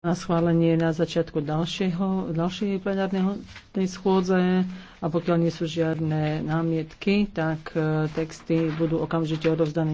na schválenie na začiatku ďalšieho, ďalšej plenárneho tej schôdze a pokiaľ nie sú žiadne námietky, tak eh, texty budú okamžite odovzdané